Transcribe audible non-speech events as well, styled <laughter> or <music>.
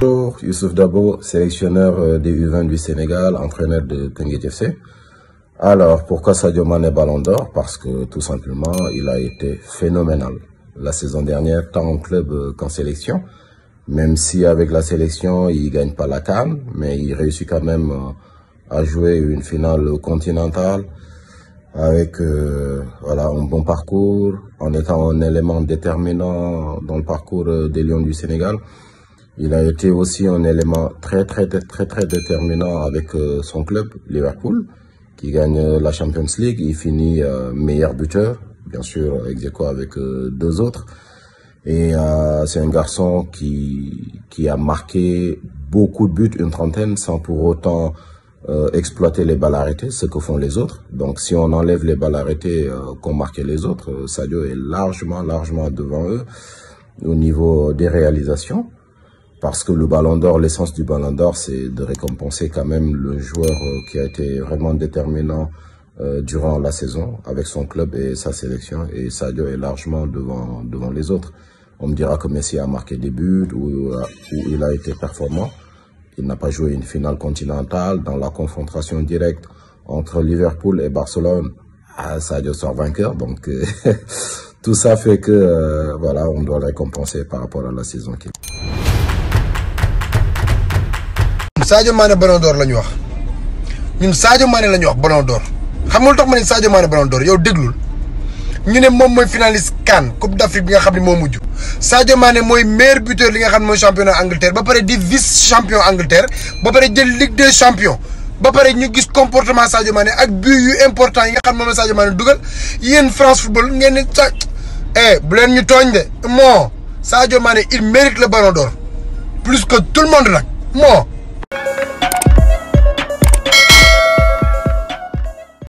Bonjour, Youssouf Dabo, sélectionneur euh, des U20 du Sénégal, entraîneur de Tengue FC. Alors, pourquoi Sadio Mané Ballon d'Or Parce que tout simplement, il a été phénoménal la saison dernière, tant en club euh, qu'en sélection. Même si avec la sélection, il ne gagne pas la canne, mais il réussit quand même euh, à jouer une finale continentale avec voilà un bon parcours, en étant un élément déterminant dans le parcours des Lions du Sénégal. Il a été aussi un élément très très très très déterminant avec euh, son club Liverpool qui gagne euh, la Champions League. Il finit euh, meilleur buteur, bien sûr ex avec deux autres. Et c'est un garçon qui qui a marqué beaucoup de buts, une trentaine, sans pour autant exploiter les balles arrêtées, ce que font les autres. Donc si on enlève les balles arrêtées qu'ont marqué les autres, Sadio est largement, largement devant eux au niveau des réalisations parce que le ballon d'or, l'essence du ballon d'or, c'est de récompenser quand même le joueur euh, qui a été vraiment déterminant euh, durant la saison avec son club et sa sélection. Et Sadio est largement devant, devant les autres. On me dira que Messi a marqué des buts ou, il a été performant. Il n'a pas joué une finale continentale dans la confrontation directe entre Liverpool et Barcelone. Ah, Sadio sort vainqueur, donc euh, <laughs> tout ça fait que voilà, on doit récompenser par rapport à la saison qui est. Sadio Mané Ballon d'Or la ñu wax ñun Sadio Mané la ñu wax Ballon d'Or xam nga lu ma ne Sadio Mané Ballon d'Or yow déglul ñu ne moom mooy finaliste CAN Coupe d'Afrique bi nga xam ne moo mujj Sadio Mané mooy meilleur buteur li nga xam ne mooy championnat Angleterre ba pare di vice champion Angleterre ba pare jël Ligue des champions ba pare ñu gis comportement Sadio Mané ak bi yu important yi nga xam ne moom la Sadio Mané dugal yéen France football ngeen ne ca eh, bu leen ñu tooñ de Sadio Mané il mérite le ballon d'or plus que tout le monde nag moo.